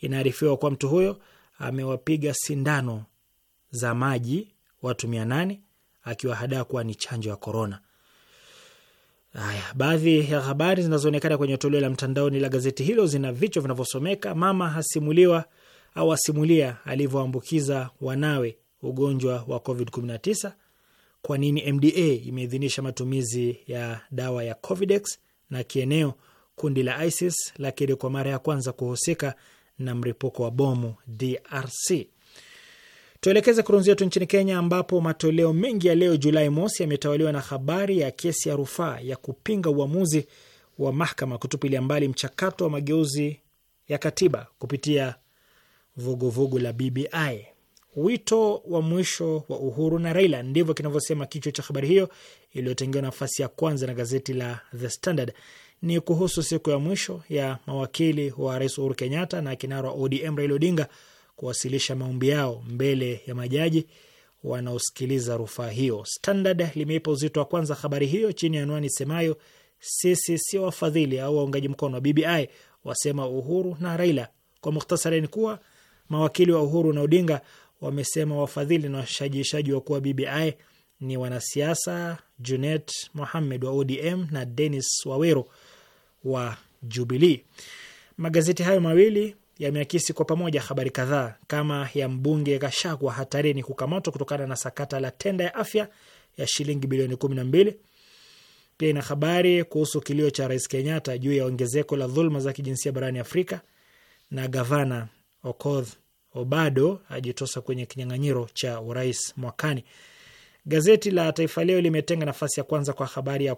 Speaker 1: Inaarifiwa kuwa mtu huyo amewapiga sindano za maji watu mia nane akiwahadaa kuwa ni chanjo ya korona. Haya, baadhi ya habari zinazoonekana kwenye toleo la mtandaoni la gazeti hilo zina vichwa vinavyosomeka: mama hasimuliwa au asimulia alivyoambukiza wanawe ugonjwa wa COVID-19, kwa nini MDA imeidhinisha matumizi ya dawa ya Covidex, na kieneo, kundi la ISIS lakini kwa mara ya kwanza kuhusika na mripuko wa bomu DRC. Tuelekeze kurunzi yetu nchini Kenya, ambapo matoleo mengi ya leo Julai mosi yametawaliwa na habari ya kesi ya rufaa ya kupinga uamuzi wa mahakama kutupilia mbali mchakato wa mageuzi ya katiba kupitia vuguvugu vugu la BBI. Wito wa mwisho wa Uhuru na Raila, ndivyo kinavyosema kichwa cha habari hiyo iliyotengewa nafasi ya kwanza na gazeti la The Standard. Ni kuhusu siku ya mwisho ya mawakili wa rais Uhuru Kenyatta na kinara wa ODM Raila Odinga kuwasilisha maombi yao mbele ya majaji wanaosikiliza rufaa hiyo. Standard limeipa uzito wa kwanza habari hiyo chini ya anwani semayo sisi sio wafadhili au waungaji mkono wa BBI, wasema Uhuru na Raila. Kwa mukhtasari ni kuwa mawakili wa Uhuru na Odinga wamesema wafadhili na washajiishaji wa kuwa BBI ni wanasiasa Junet Mohamed wa ODM na Denis Wawero wa Jubilee. Magazeti hayo mawili yameakisi kwa pamoja habari kadhaa kama ya mbunge Gachagua hatarini kukamatwa kutokana na sakata la tenda ya afya ya shilingi bilioni kumi na mbili. Pia ina habari kuhusu kilio cha Rais Kenyatta juu ya ongezeko la dhuluma za kijinsia barani Afrika na gavana Okoth Obado ajitosa kwenye kinyang'anyiro cha urais mwakani. Gazeti la Taifa Leo limetenga nafasi ya kwanza kwa habari ya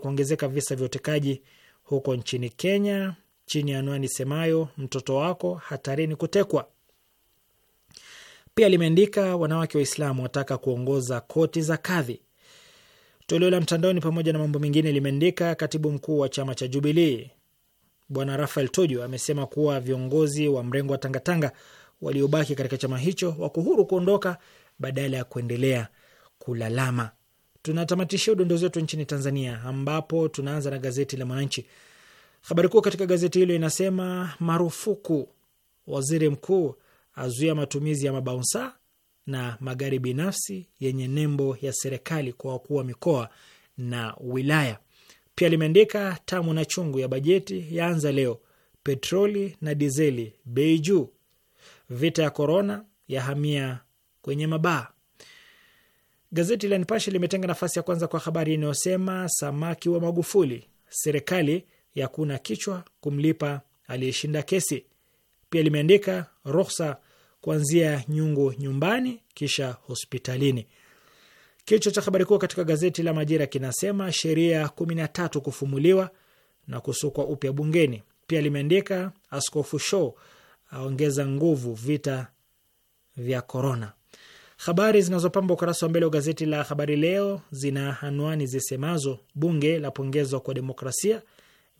Speaker 1: kuongezeka visa vya utekaji huko nchini Kenya chini ya anwani semayo mtoto wako hatarini kutekwa. Pia limeandika wanawake Waislamu wataka kuongoza koti za kadhi. Toleo la mtandaoni pamoja na mambo mengine limeandika katibu mkuu wa chama cha Jubilii Bwana Rafael Tuju amesema kuwa viongozi wa mrengo wa Tangatanga waliobaki katika chama hicho wako huru kuondoka badala ya kuendelea kulalama. Tunatamatishia udondozi wetu nchini Tanzania, ambapo tunaanza na gazeti la Mwananchi Habari kuu katika gazeti hilo inasema marufuku, waziri mkuu azuia matumizi ya mabaunsa na magari binafsi yenye nembo ya serikali kwa wakuu wa mikoa na wilaya. Pia limeandika tamu na chungu ya bajeti yaanza leo, petroli na dizeli bei juu, vita ya korona yahamia kwenye mabaa. Gazeti la Nipashe limetenga nafasi ya kwanza kwa habari inayosema samaki wa Magufuli, serikali ya kuna kichwa kumlipa aliyeshinda kesi. Pia limeandika ruhusa kuanzia nyungu nyumbani kisha hospitalini. Kichwa cha habari kuu katika gazeti la Majira kinasema sheria kumi na tatu kufumuliwa na kusukwa upya bungeni. Pia limeandika Askofu Show aongeza nguvu vita vya korona. Habari zinazopamba ukurasa wa mbele wa gazeti la Habari Leo zina anwani zisemazo bunge lapongezwa kwa demokrasia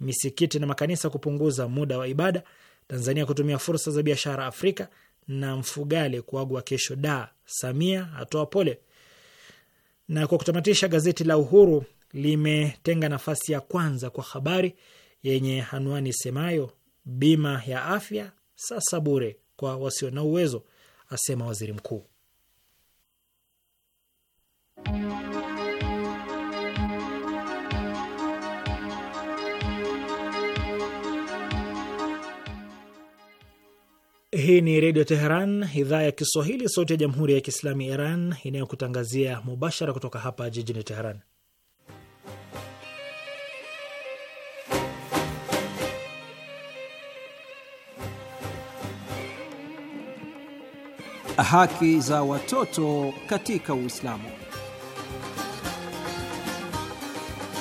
Speaker 1: misikiti na makanisa kupunguza muda wa ibada, Tanzania kutumia fursa za biashara Afrika, na Mfugale kuagwa kesho da, Samia atoa pole. Na kwa kutamatisha, gazeti la Uhuru limetenga nafasi ya kwanza kwa habari yenye anwani semayo bima ya afya sasa bure kwa wasio na uwezo, asema waziri mkuu. Hii ni Redio Teheran, idhaa ya Kiswahili, sauti ya Jamhuri ya kiislami ya Iran, inayokutangazia mubashara kutoka hapa jijini Teheran.
Speaker 5: Haki za watoto katika Uislamu.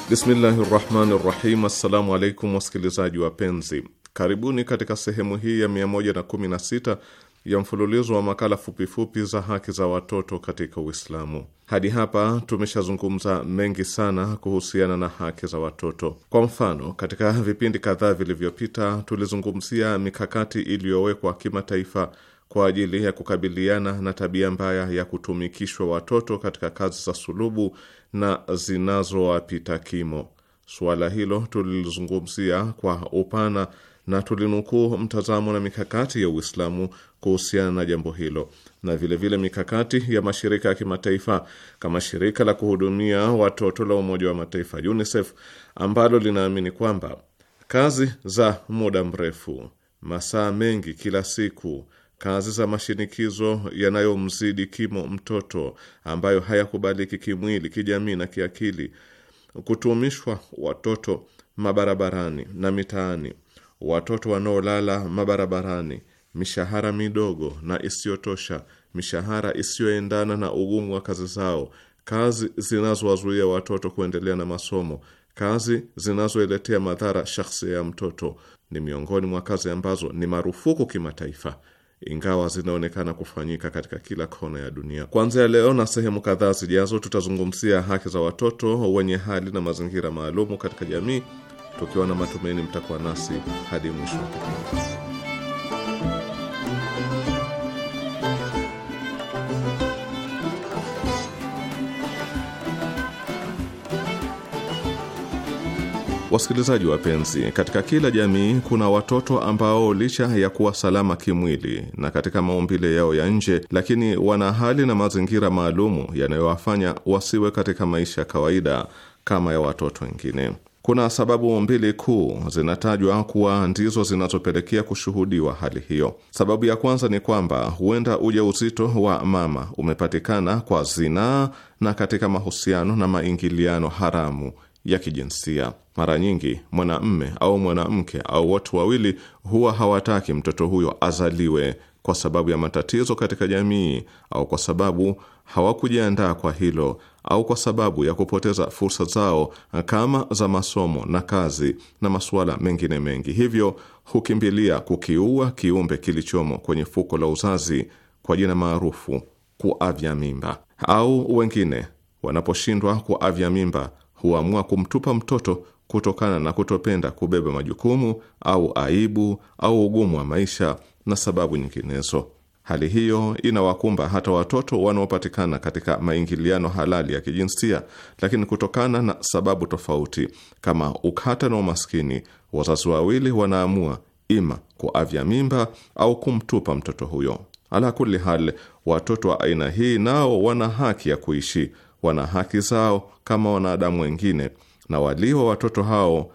Speaker 3: Bismillahi rahmani rahim. Assalamu alaikum wasikilizaji wapenzi Karibuni katika sehemu hii ya 116 ya mfululizo wa makala fupifupi fupi za haki za watoto katika Uislamu. Hadi hapa tumeshazungumza mengi sana kuhusiana na haki za watoto. Kwa mfano, katika vipindi kadhaa vilivyopita tulizungumzia mikakati iliyowekwa kimataifa kwa ajili ya kukabiliana na tabia mbaya ya kutumikishwa watoto katika kazi za sulubu na zinazowapita kimo. Suala hilo tulilizungumzia kwa upana na tulinukuu mtazamo na mikakati ya Uislamu kuhusiana na jambo hilo na vilevile vile mikakati ya mashirika ya kimataifa kama shirika la kuhudumia watoto la Umoja wa Mataifa UNICEF ambalo linaamini kwamba kazi za muda mrefu, masaa mengi kila siku, kazi za mashinikizo yanayomzidi kimo mtoto, ambayo hayakubaliki kimwili, kijamii na kiakili, kutumishwa watoto mabarabarani na mitaani watoto wanaolala mabarabarani, mishahara midogo na isiyotosha, mishahara isiyoendana na ugumu wa kazi zao, kazi zinazowazuia watoto kuendelea na masomo, kazi zinazoiletea madhara shakhsi ya mtoto ni miongoni mwa kazi ambazo ni marufuku kimataifa, ingawa zinaonekana kufanyika katika kila kona ya dunia. Kuanzia leo na sehemu kadhaa zijazo, tutazungumzia haki za watoto wenye hali na mazingira maalumu katika jamii tukiwa na matumaini mtakuwa nasi hadi mwisho wa kipindi. Wasikilizaji wapenzi, katika kila jamii kuna watoto ambao licha ya kuwa salama kimwili na katika maumbile yao ya nje, lakini wana hali na mazingira maalumu yanayowafanya wasiwe katika maisha ya kawaida kama ya watoto wengine. Kuna sababu mbili kuu zinatajwa kuwa ndizo zinazopelekea kushuhudiwa hali hiyo. Sababu ya kwanza ni kwamba huenda ujauzito wa mama umepatikana kwa zinaa na katika mahusiano na maingiliano haramu ya kijinsia. Mara nyingi mwanamme au mwanamke au watu wawili huwa hawataki mtoto huyo azaliwe kwa sababu ya matatizo katika jamii au kwa sababu hawakujiandaa kwa hilo au kwa sababu ya kupoteza fursa zao kama za masomo na kazi na masuala mengine mengi, hivyo hukimbilia kukiua kiumbe kilichomo kwenye fuko la uzazi kwa jina maarufu kuavya mimba. Au wengine wanaposhindwa kuavya mimba huamua kumtupa mtoto kutokana na kutopenda kubeba majukumu au aibu au ugumu wa maisha na sababu nyinginezo. Hali hiyo inawakumba hata watoto wanaopatikana katika maingiliano halali ya kijinsia, lakini kutokana na sababu tofauti kama ukata na umaskini, wazazi wawili wanaamua ima kuavya mimba au kumtupa mtoto huyo. Ala kuli hal, watoto wa aina hii nao wana haki ya kuishi, wana haki zao kama wanadamu wengine, na walio wa watoto hao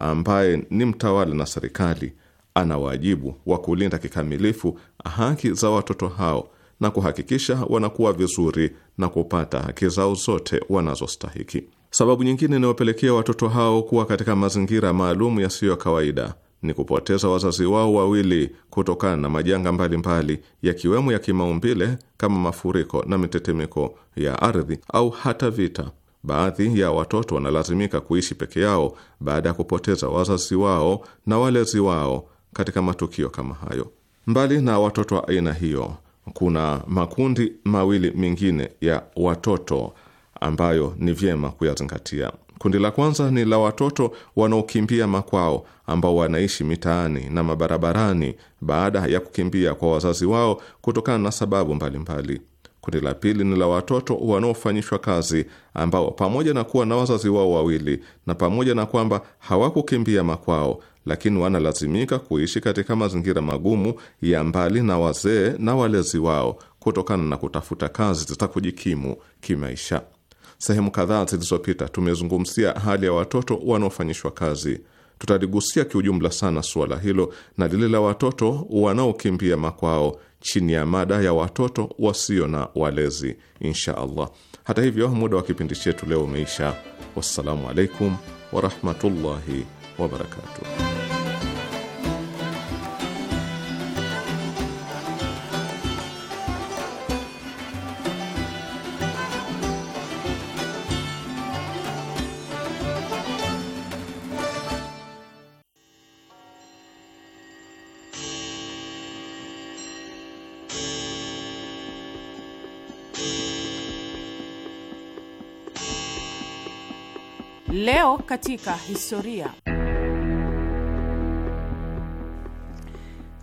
Speaker 3: ambaye ni mtawala na serikali ana wajibu wa kulinda kikamilifu haki za watoto hao na kuhakikisha wanakuwa vizuri na kupata haki zao zote wanazostahiki. Sababu nyingine inayopelekea watoto hao kuwa katika mazingira maalum yasiyo ya kawaida ni kupoteza wazazi wao wawili kutokana na majanga mbalimbali yakiwemo ya kimaumbile kama mafuriko na mitetemeko ya ardhi au hata vita. Baadhi ya watoto wanalazimika kuishi peke yao baada ya kupoteza wazazi wao na walezi wao katika matukio kama hayo. Mbali na watoto wa aina hiyo, kuna makundi mawili mengine ya watoto ambayo ni vyema kuyazingatia. Kundi la kwanza ni la watoto wanaokimbia makwao ambao wanaishi mitaani na mabarabarani baada ya kukimbia kwa wazazi wao kutokana na sababu mbalimbali. Kundi la pili ni la watoto wanaofanyishwa kazi ambao pamoja na kuwa na wazazi wao wawili na pamoja na kwamba hawakukimbia makwao, lakini wanalazimika kuishi katika mazingira magumu ya mbali na wazee na walezi wao kutokana na kutafuta kazi za kujikimu kimaisha. Sehemu kadhaa zilizopita tumezungumzia hali ya watoto wanaofanyishwa kazi. Tutaligusia kiujumla sana suala hilo na lile la watoto wanaokimbia makwao chini ya mada ya watoto wasio na walezi, insha Allah. Hata hivyo, muda wa kipindi chetu leo umeisha. Wassalamu alaikum warahmatullahi wabarakatuh.
Speaker 4: Leo katika historia.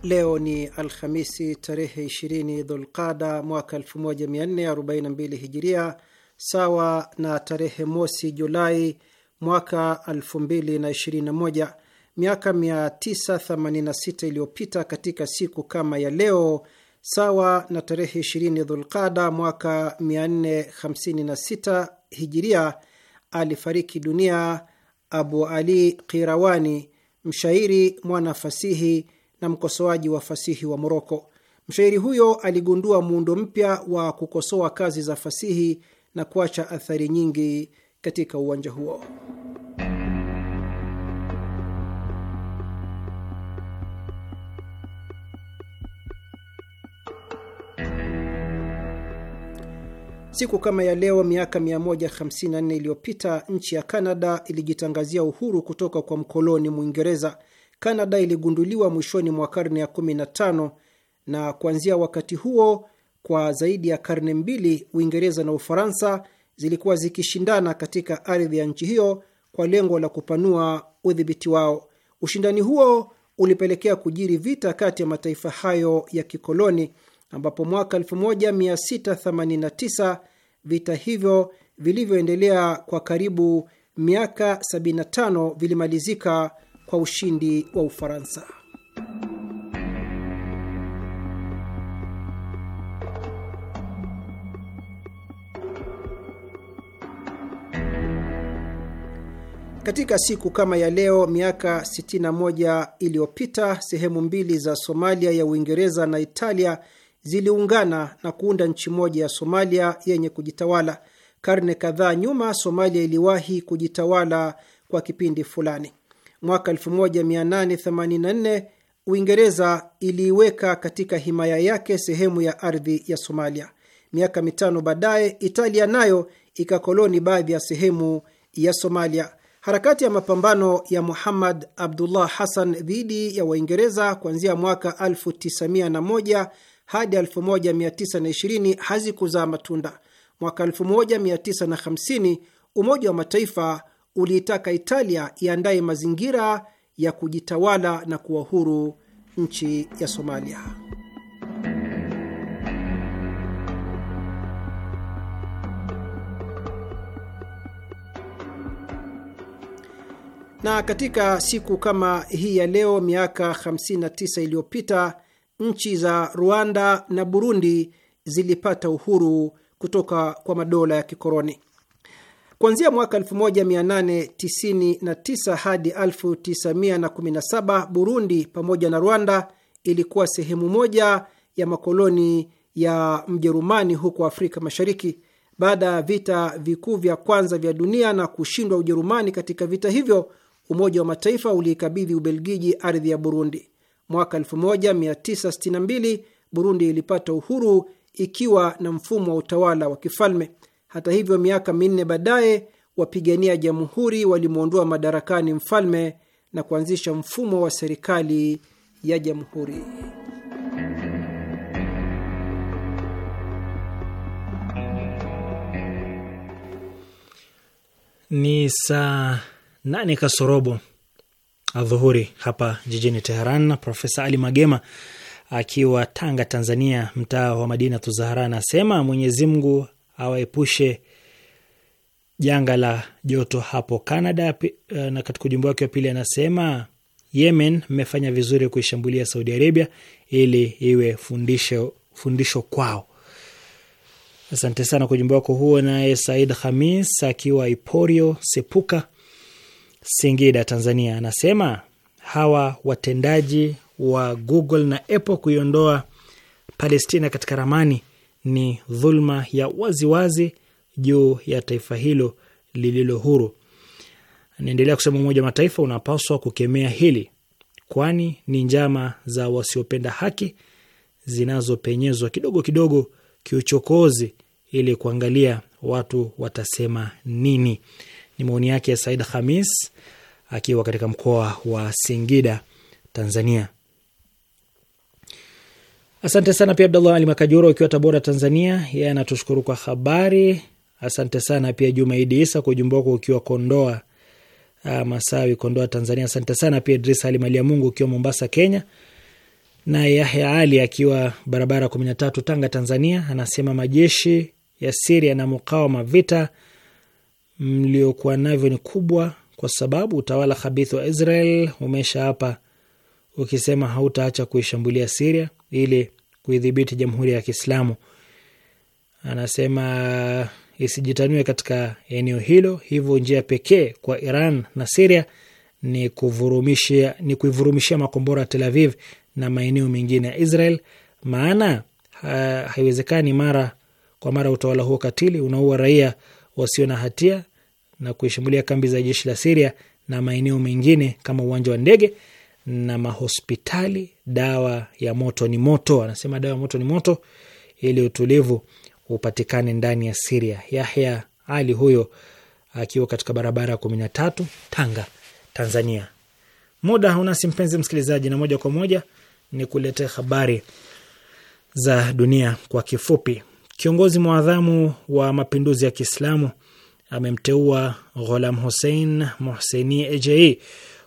Speaker 5: Leo ni Alhamisi tarehe 20 Dhulqada mwaka 1442 Hijiria, sawa na tarehe mosi Julai mwaka 2021. Miaka 986 iliyopita katika siku kama ya leo, sawa na tarehe 20 Dhulqada mwaka 456 Hijiria, alifariki dunia Abu Ali Qirawani, mshairi, mwanafasihi na mkosoaji wa fasihi wa Moroko. Mshairi huyo aligundua muundo mpya wa kukosoa kazi za fasihi na kuacha athari nyingi katika uwanja huo. Siku kama ya leo miaka 154 iliyopita nchi ya Kanada ilijitangazia uhuru kutoka kwa mkoloni Mwingereza. Kanada iligunduliwa mwishoni mwa karne ya 15 na kuanzia wakati huo kwa zaidi ya karne mbili, Uingereza na Ufaransa zilikuwa zikishindana katika ardhi ya nchi hiyo kwa lengo la kupanua udhibiti wao. Ushindani huo ulipelekea kujiri vita kati ya mataifa hayo ya kikoloni, ambapo mwaka 1689 vita hivyo vilivyoendelea kwa karibu miaka 75 vilimalizika kwa ushindi wa Ufaransa. Katika siku kama ya leo miaka 61 iliyopita sehemu mbili za Somalia ya Uingereza na Italia ziliungana na kuunda nchi moja ya Somalia yenye kujitawala. Karne kadhaa nyuma, Somalia iliwahi kujitawala kwa kipindi fulani. Mwaka 1884 Uingereza iliiweka katika himaya yake sehemu ya ardhi ya Somalia. Miaka mitano baadaye, Italia nayo ikakoloni baadhi ya sehemu ya Somalia. Harakati ya mapambano ya Muhammad Abdullah Hassan dhidi ya Waingereza kuanzia mwaka 1901 hadi 1920 hazikuzaa matunda. Mwaka 1950 Umoja wa Mataifa uliitaka Italia iandaye mazingira ya kujitawala na kuwa huru nchi ya Somalia. Na katika siku kama hii ya leo miaka 59 iliyopita nchi za Rwanda na Burundi zilipata uhuru kutoka kwa madola ya kikoloni. Kuanzia mwaka 1899 hadi 1917 Burundi pamoja na Rwanda ilikuwa sehemu moja ya makoloni ya Mjerumani huko Afrika Mashariki. Baada ya vita vikuu vya kwanza vya dunia na kushindwa Ujerumani katika vita hivyo, Umoja wa Mataifa uliikabidhi Ubelgiji ardhi ya Burundi. Mwaka 1962 Burundi ilipata uhuru ikiwa na mfumo wa utawala wa kifalme. Hata hivyo, miaka minne baadaye wapigania jamhuri walimwondoa madarakani mfalme na kuanzisha mfumo wa serikali ya jamhuri.
Speaker 1: Ni saa nane kasorobo adhuhuri hapa jijini Teheran. Profesa Ali Magema akiwa Tanga, Tanzania, mtaa wa Madina Tuzahara, anasema Mwenyezi Mungu awaepushe janga la joto hapo Canada. Eh, na katika ujumbe wake wa pili anasema Yemen, mmefanya vizuri kuishambulia Saudi Arabia ili iwe fundisho, fundisho kwao. Asante sana kwa ujumbe wako huo. Naye Said Khamis akiwa Iporio Sepuka, Singida, Tanzania, anasema hawa watendaji wa Google na Apple kuiondoa Palestina katika ramani ni dhulma ya waziwazi juu ya taifa hilo lililo huru. Naendelea kusema Umoja wa Mataifa unapaswa kukemea hili, kwani ni njama za wasiopenda haki zinazopenyezwa kidogo kidogo kiuchokozi, ili kuangalia watu watasema nini. Ni maoni yake ya Said Khamis akiwa katika mkoa wa Singida, Tanzania. Asante sana pia Abdallah Ali Makajuro ukiwa Tabora, Tanzania, yeye anatushukuru kwa habari. Asante sana pia Jumaidi Isa kwa ujumbe wako ukiwa Kondoa ah, Masawi, Kondoa, Tanzania. Asante sana pia Idris Ali Malia Mungu ukiwa Mombasa, Kenya, na Yahya Ali akiwa barabara kumi na tatu, Tanga, Tanzania, anasema majeshi ya Siria na mukawama, vita mliokuwa navyo ni kubwa, kwa sababu utawala khabithi wa Israel umesha hapa ukisema hautaacha kuishambulia Siria ili kuidhibiti Jamhuri ya Kiislamu. Anasema isijitanue katika eneo hilo, hivyo njia pekee kwa Iran na Siria ni kuvurumishia ni kuivurumishia makombora ya Tel Aviv na maeneo mengine ya Israel, maana ha, haiwezekani mara kwa mara utawala huo katili unaua raia wasio na hatia na kuishambulia kambi za jeshi la Siria na maeneo mengine kama uwanja wa ndege na mahospitali. Dawa ya moto ni moto, anasema dawa ya moto ni moto, ili utulivu upatikane ndani ya Siria. Yahya Ali huyo akiwa katika barabara ya kumi na tatu, Tanga, Tanzania. Muda unasi mpenzi msikilizaji, na moja kwa moja ni kuletea habari za dunia kwa kifupi. Kiongozi mwadhamu wa mapinduzi ya Kiislamu amemteua Ghulam Hussein Mohseni Ejei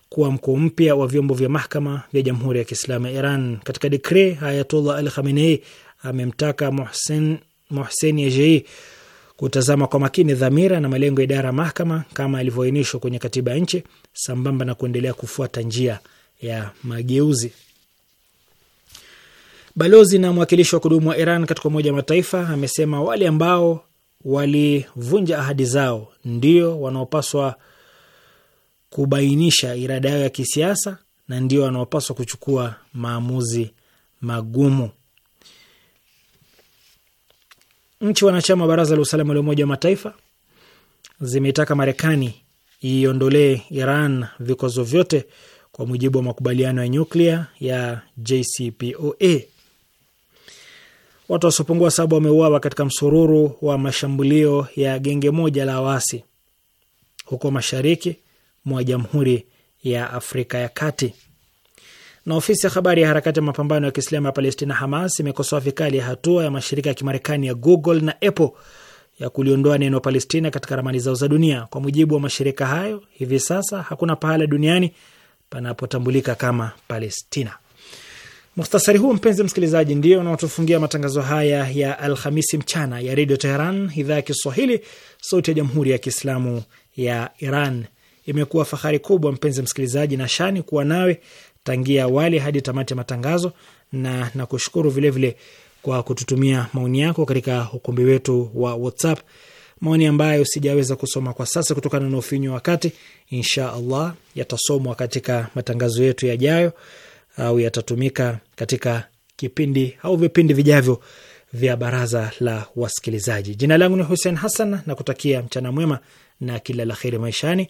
Speaker 1: kuwa mkuu mpya wa vyombo vya mahakama vya Jamhuri ya Kiislamu ya Iran. Katika dikri, Ayatollah al Khamenei amemtaka Mohsen, Mohsen Yejei kutazama kwa makini dhamira na malengo ya idara ya mahakama kama alivyoainishwa kwenye katiba ya nchi sambamba na kuendelea kufuata njia ya mageuzi. Balozi na mwakilishi wa kudumu wa Iran katika Umoja wa Mataifa amesema wale ambao walivunja ahadi zao ndio wanaopaswa kubainisha irada yao ya kisiasa na ndio wanaopaswa kuchukua maamuzi magumu. Nchi wanachama wa Baraza la Usalama la Umoja wa Mataifa zimeitaka Marekani iondolee Iran vikwazo vyote kwa mujibu wa makubaliano ya nyuklia ya JCPOA. Watu wasiopungua saba wameuawa katika msururu wa mashambulio ya genge moja la waasi huko mashariki mwa Jamhuri ya Afrika ya Kati. Na ofisi ya habari ya harakati ya mapambano ya Kiislamu ya Palestina, Hamas, imekosoa vikali ya hatua ya mashirika ya kimarekani ya Google na Apple ya kuliondoa neno Palestina katika ramani zao za dunia. Kwa mujibu wa mashirika hayo, hivi sasa hakuna pahala duniani panapotambulika kama Palestina. Muhtasari huu mpenzi msikilizaji, ndio unaotufungia matangazo haya ya Alhamisi mchana ya Redio Teheran, idhaa ya Kiswahili, sauti ya jamhuri ya Kiislamu ya Iran. Imekuwa fahari kubwa, mpenzi msikilizaji, na shani kuwa nawe tangia awali hadi tamati ya matangazo, na nakushukuru vilevile kwa kututumia maoni yako katika ukumbi wetu wa WhatsApp, maoni ambayo sijaweza kusoma kwa sasa kutokana na ufinyu wa wakati. Insha Allah yatasomwa katika matangazo yetu yajayo au yatatumika katika kipindi au vipindi vijavyo vya baraza la wasikilizaji. Jina langu ni Hussein Hassan na kutakia mchana mwema na kila la kheri maishani.